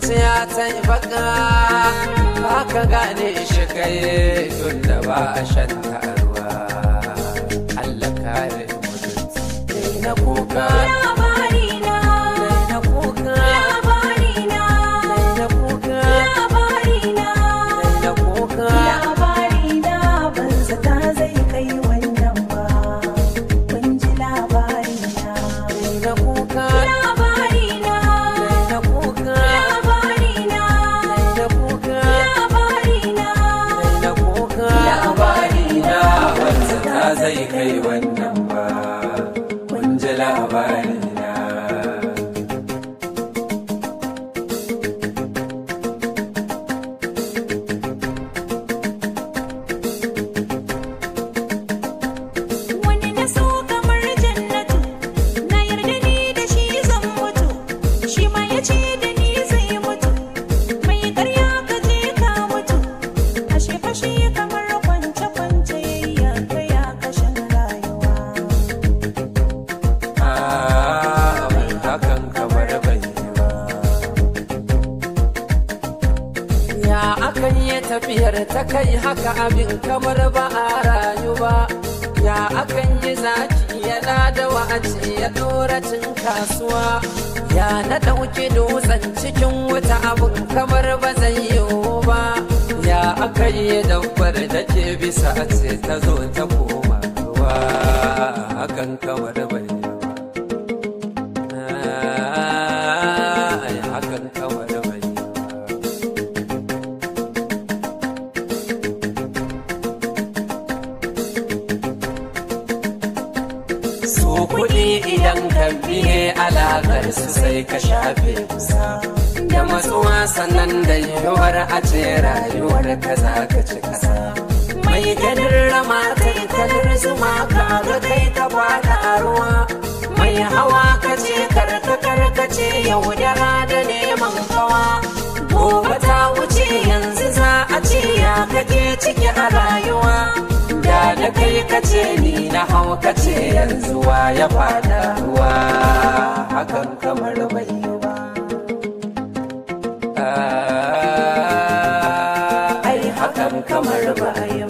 zuciya ta yi baka ba gane shi tun da ba a shan ruwa Allah kare mutunci na kuka Ya akan yi tafiyar ta kai haka abin kamar ba a rayu ba. Ya akan yi zaki yana da wa'aci ya dora cin kasuwa. Ya na ɗauki dutsen cikin wuta abin kamar ba zai yiwu ba. Ya akan yi dabbar da ke bisa a ce ta zo ta koma ruwa. Hakan kamar bai idan ka biye alaƙar su sai ka shafe kusa da matsuwa sannan da yiwuwar a ce rayuwar ka za ka ci kasa mai ganin rama tattalin zuma ka ga kai ka ba a ruwa mai hawa ka ce karka karka ce yau da da neman kawa gobe ta wuce yanzu za a ce ya kake ciki a rayuwa da da kai ka ce na haukace yanzu wa ya fada ruwa hakan kamar bai yi ba ah, ai hakan kamar ba yi